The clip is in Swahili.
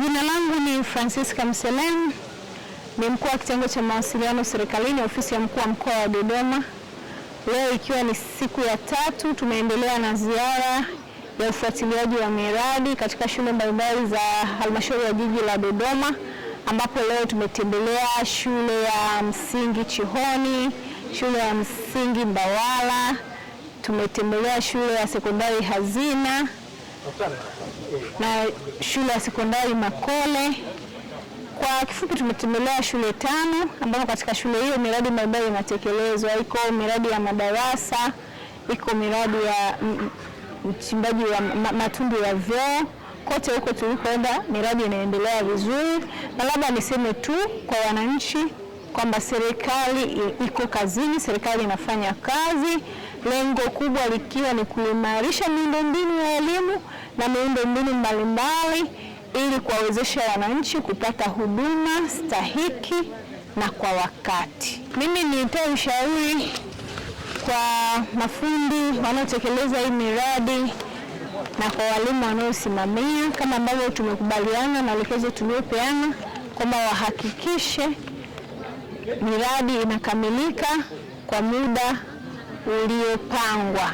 Jina langu ni Francisca Mselem, ni mkuu wa kitengo cha mawasiliano serikalini, ofisi ya mkuu wa mkoa wa Dodoma. Leo ikiwa ni siku ya tatu, tumeendelea na ziara ya ufuatiliaji wa miradi katika shule mbalimbali za halmashauri ya jiji la Dodoma, ambapo leo tumetembelea shule ya msingi Chihoni, shule ya msingi Mbawala, tumetembelea shule ya sekondari Hazina na shule ya sekondari Makole. Kwa kifupi, tumetembelea shule tano ambapo katika shule hiyo miradi mbalimbali inatekelezwa. Iko miradi ya madarasa, iko miradi ya mchimbaji wa matundu ya vyoo. Kote huko tulikoenda miradi inaendelea vizuri, na labda niseme tu kwa wananchi kwamba serikali iko kazini, serikali inafanya kazi lengo kubwa likiwa ni kuimarisha miundombinu ya elimu na miundombinu mbalimbali ili kuwawezesha wananchi kupata huduma stahiki na kwa wakati. Mimi nitoe ushauri kwa mafundi wanaotekeleza hii miradi na kwa walimu wanaosimamia, kama ambavyo tumekubaliana maelekezo tuliopeana kwamba wahakikishe miradi inakamilika kwa muda uliopangwa